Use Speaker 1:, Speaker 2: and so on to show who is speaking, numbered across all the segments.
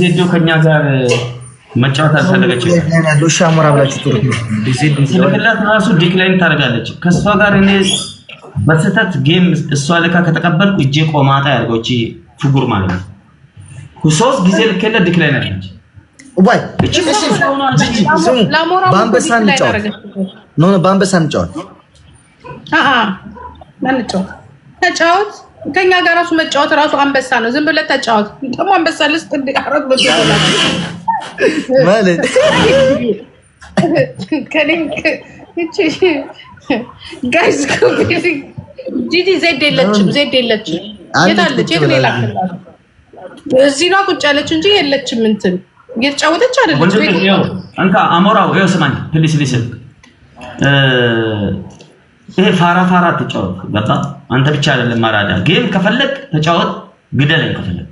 Speaker 1: ዜዶ ከኛ ጋር መጫወት አልፈለገችም።
Speaker 2: ሎሻ አሞራ ብላችሁ
Speaker 1: ስልክላት ራሱ ዲክላይን ታደርጋለች። ከእሷ ጋር እኔ በስህተት ጌም እሷ ልካ ከተቀበልኩ እጄ ቆማጣ ያድርገው። እቺ ፍጉር ማለት ነው። ሶስት ጊዜ ልክለት ዲክላይን አለች።
Speaker 2: በአንበሳ እንጫወት
Speaker 3: ተጫወት ከኛ ጋር ራሱ መጫወት ራሱ አንበሳ ነው። ዝም ብለህ ተጫወት። ደግሞ አንበሳ ልስጥ እንደ አራት ማለት ጋይዝ ጂጂ ዜድ የለችም፣ ዜድ የለችም። የታለች? የት ሌላ እዚህ ነው ቁጭ ያለች እንጂ የለችም። እንትን እየተጫወተች
Speaker 1: አይደለች። እንካ አሞራው ይኸው ስማኝ፣ ፕሊስ ሊስል ፋራ ፋራ ተጫወት። በቃ አንተ ብቻ አይደለም ማራዳ ግን ከፈለግ ተጫወት፣ ግደለኝ ከፈለግ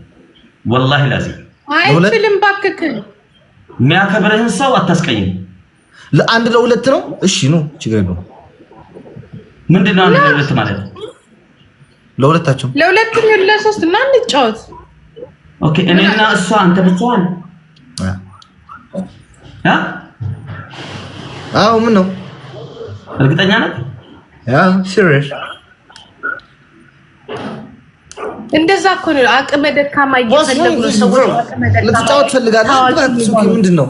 Speaker 1: ወላሂ ላዚ
Speaker 3: አይችልም። ባክክ
Speaker 1: የሚያከብርህን ሰው አታስቀይም።
Speaker 2: ለአንድ ለሁለት ነው እሺ፣ ነው ችግር ነው።
Speaker 1: ምንድነው አንድ ለሁለት ማለት?
Speaker 2: ለሁለታቸው
Speaker 3: ለሁለት ነው ለሶስት እና እንጫወት።
Speaker 1: ኦኬ፣ እኔና እሷ አንተ ብቻ ነው አ አው ምን ነው እርግጠኛ ነህ?
Speaker 2: Yeah, serious.
Speaker 3: እንደዛ እኮ ነው። አቅመ ደካማ
Speaker 1: እየፈለጉ ነው
Speaker 2: ልትጫወት ፈልጋለህ? ምንድን ነው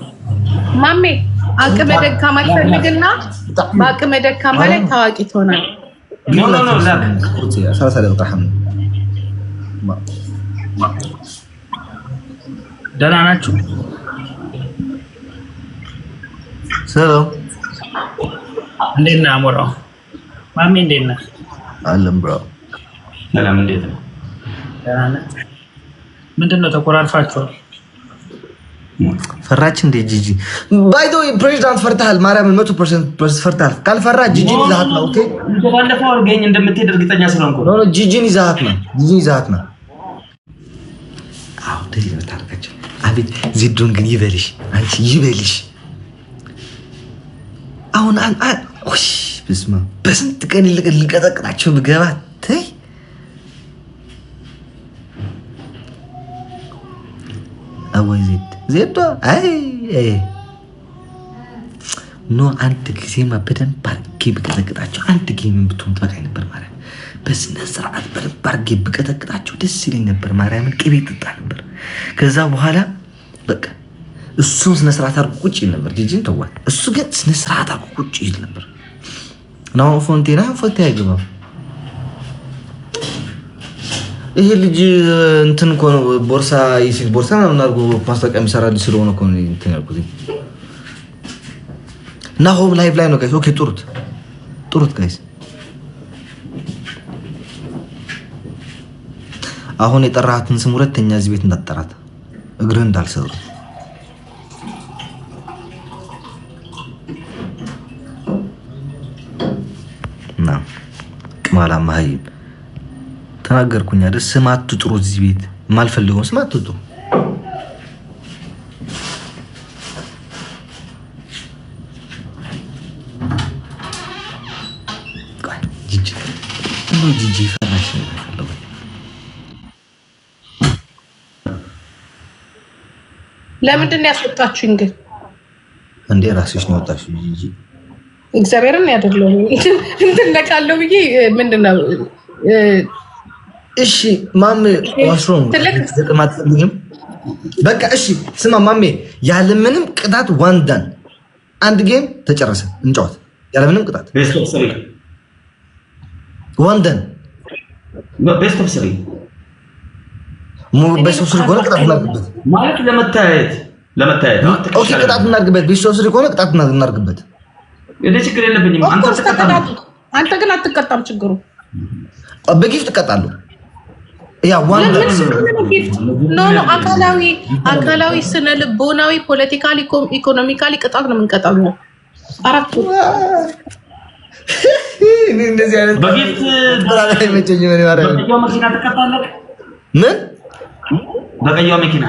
Speaker 3: ማሜ? አቅመ ደካማ ይፈልግና በአቅመ ደካማ ላይ ታዋቂ ትሆናለህ።
Speaker 1: ደህና ናችሁ? እንዴት አሞራው? ማሚ እንዴት ነህ? አለም ብሮ ሰላም፣ እንዴት ነው? ደህና ነህ? ምንድን ነው ተኮራርፋችኋል?
Speaker 2: ፈራች እንዴ ጂጂ? ባይዶ ፕሬዚዳንት ፈርተሃል። ማርያምን መቶ ፐርሰንት ፈርተሃል። ካልፈራ ጂጂን ይዛሃት ነው። ኦኬ
Speaker 1: ባለፈው አድርገኝ እንደምትሄድ እርግጠኛ ስለሆንኩ
Speaker 2: ነው። ጂጂን ይዛሃት ነው። ጂጂን ይዛሃት ነው። አዎ ደሊ ታርቃቸው። አቤት ዜዶን ግን ይበልሽ፣ አንቺ ይበልሽ። አሁን አን አን ኦሽ ብስማ በስንት ቀን ልቀጠቅጣቸው ምገባ ተይ። አወይ ዜድ ዜዶ አይ ኖ አንድ ጊዜማ በደንብ አድርጌ ብቀጠቅጣቸው አንድ ጌምን ምን ብትሆን ትበቃኝ ነበር ማርያም። በስነ ስርዓት በደንብ አድርጌ ብቀጠቅጣቸው ደስ ይለኝ ነበር ማርያምን። ቅቤ ጥጣ ነበር። ከዛ በኋላ በቃ እሱም ስነስርዓት አድርጎ ቁጭ ይል ነበር። ጂጂን ተዋል። እሱ ግን ስነስርዓት አድርጎ ቁጭ ይል ነበር። ናሆም ፎንቴና ፈታ አይገባም። ይሄ ልጅ እንትን እኮ ነው ቦርሳ የሴት ቦርሳ ምናምን አድርጎ ማስታወቂያ የሚሰራ ልጅ ስለሆነ እኮ እንትን ያልኩት ናሆም ላይቭ ላይ ነው ጋይስ። ኦኬ ጥሩት ጥሩት ጋይስ። አሁን የጠራሃትን ስም ሁለተኛ እዚህ ቤት እንዳጠራት እግርህ እንዳልሰሩ ኢስማላ ማሀይብ ተናገርኩኝ አይደል? ስም አትጥሩ፣ እዚህ ቤት የማልፈልገውን ስም አትጥሩ። ጂጂ
Speaker 3: ለምንድን ነው ያስወጣችሁኝ ግን?
Speaker 2: እንዴ ራስሽ ነው የወጣችሁ ጂጂ
Speaker 3: እግዚአብሔርን ያደለው እንትነቃለው ብዬ ምንድን ነው
Speaker 2: እሺ ማሜ ዋሽሮም ተለቅማትልኝም በቃ እሺ ስማ ማሜ ያለምንም ቅጣት ዋንዳን አንድ ጌም ተጨረሰ እንጫወት ያለምንም ቅጣት ዋንዳን ቤስት ኦፍ ስሪ ቤስት ኦፍ ስሪ ከሆነ ቅጣት እናርግበት
Speaker 1: ማለት ለመታየት ለመታየት
Speaker 2: ኦኬ ቅጣት እናርግበት ቤስት ኦፍ ስሪ ከሆነ ቅጣት እናርግበት
Speaker 1: እኔ ችግር የለብኝም።
Speaker 3: አንተ ግን አትቀጣም። ችግሩ
Speaker 2: uh, በጊፍት እቀጣለሁ።
Speaker 3: አካላዊ፣ አካላዊ፣ ስነ ልቦናዊ፣ ፖለቲካሊ፣ ኢኮኖሚካሊ ቅጣት ነው የምንቀጣው። አራቱ
Speaker 1: መኪና ምን በቀይዋ መኪና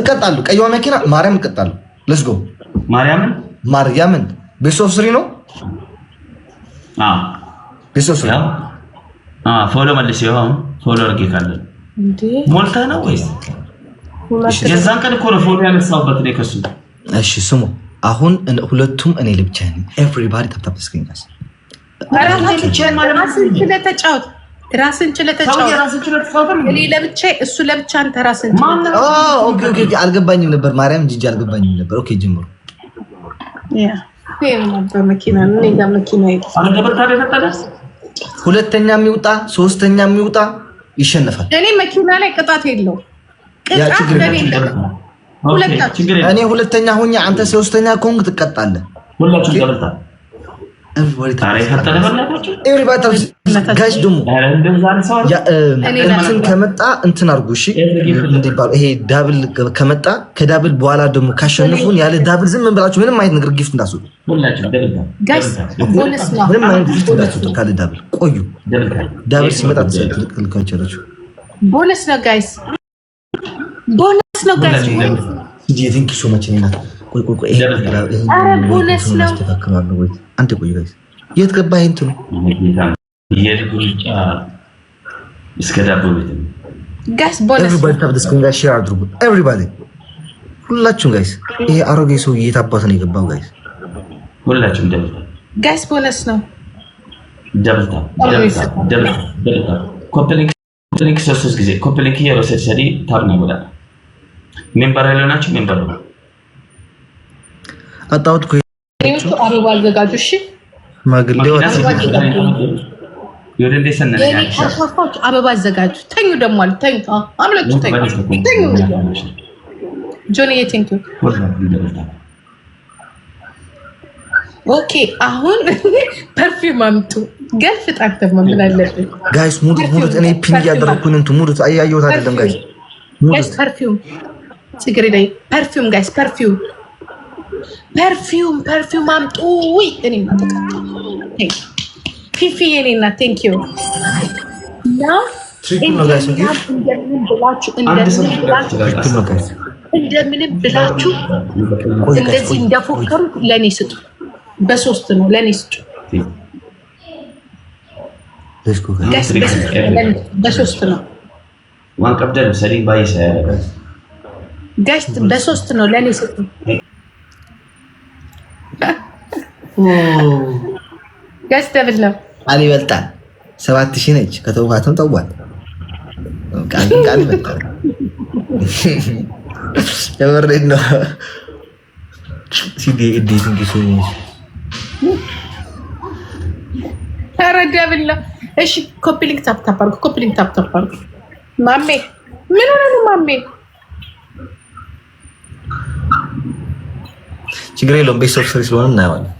Speaker 2: እቀጣለሁ። መኪና ማርያም እቀጣለሁ። ለስጎ ማርያምን ማርያምን ቤስት ኦፍ ስሪ ነው። ቤስት ኦፍ ስሪ
Speaker 1: ፎሎ መልስ ይሆን ፎሎ አድርጌ ካለ ነው ወይስ የዛን ቀን እኮ ነው ፎሎ ያነሳውበት ነው ከሱ።
Speaker 2: እሺ ስሙ አሁን ሁለቱም እኔ ልብቻ ኤቭሪባዲ ታፕታፕ ስክሪንጋስ
Speaker 3: ራስን ችለህ
Speaker 1: ተጫወት፣
Speaker 3: እሱ ለብቻ አንተ ራስን
Speaker 2: አልገባኝም ነበር ማርያም ጂጂ አልገባኝም ነበር። ኦኬ ጀምሩ ሁለተኛ የሚውጣ ሶስተኛ የሚውጣ ይሸነፋል
Speaker 3: እኔ መኪና ላይ ቅጣት የለው።
Speaker 2: እኔ ሁለተኛ ሆኜ አንተ ሶስተኛ ከሆንክ ትቀጣለህ። ጋሽ እንትን ከመጣ እንትን አድርጉ። እሺ እንዲባሉ ይሄ ዳብል ከመጣ ከዳብል በኋላ ደግሞ ካሸንፉን ያለ ዳብል ዝም ብላችሁ ምንም አይነት ነገር ጊፍት እንዳስወጡ፣ ምንም አይነት ጊፍት እንዳስወጡ ካለ ዳብል ቆዩ። ዳብል ሲመጣ ልካቸላችሁ።
Speaker 3: ቦነስ ነው ጋይስ፣ ቦነስ ነው ጋይስ።
Speaker 2: ቴንኪ ሶ ማች ናት ቆይ ቆይ ቆይ፣ አንተ ቆይ ጋይስ፣ የት ገባ እንትኑ?
Speaker 1: እስከ ዳቦ ቤት
Speaker 3: ጋይስ፣ ቦነስ
Speaker 2: ሼር አድርጉ ኤቭሪባዲ፣ ሁላችሁም ጋይስ። ይሄ አሮጌ ሰው የት አባት ነው የገባው ጋይስ?
Speaker 1: ሁላችሁም ደብታ
Speaker 3: ጋይስ፣ ቦነስ ነው
Speaker 1: ደብታ ደብታ ደብታ ኮምፕሊንክ ኮምፕሊንክ ሶስት ጊዜ ኮምፕሊንክ የሮሰድ ሰዲ ታብና ወላ ሜምበር ያለው ናቸው ሜምበር ነው
Speaker 2: አጣሁት እኮ
Speaker 3: አበባ አዘጋጁ። እሺ አበባ አዘጋጁ። ተኙ ደግሞ አሉ። ተኙ ተኙ ጆንዬ፣ ኦኬ። አሁን ፐርፊውም አምጡ። ገልፍ ጣንተማ ምን አለብን
Speaker 2: ጋይስ? ሙዱት ሙዱት። እኔ ፒን እያደረኩን እንትን ሙዱት። አያየሁት አይደለም ጋይስ?
Speaker 3: ሙዱት ፐርፊውም። ችግር የለኝም። ፐርፊውም ጋይስ፣ ፐርፊውም ፐርፊውም ፐርፊውም አምጡ። ውይ እኔ ማጠቃ ፊፊ የኔ እና ቴንክ ዩ እንደምንም ብላችሁ እንደዚህ እንደፎከሩት ለእኔ ስጡ። በሶስት ነው ለእኔ ስጡ። በሶስት ነው በሶስት ነው ለእኔ ስጡ። ደብል ነው
Speaker 2: ቃል ይበልጣል። ሰባት ሺህ ነች። ከተውፋትም ጠዋት ቃል ቃል ይበልጣል። የምሬን ነው። ሲዲ እንዴት እንዲሱ ነው።
Speaker 3: እሺ ሊንክ ታፕ ታፕ አድርጉ። ሊንክ ታፕ ታፕ አድርጉ። ማሜ ምን ሆነ ነው ማሜ?
Speaker 2: ችግር የለውም። ቤተሰብ ስለሆነ እናየዋለን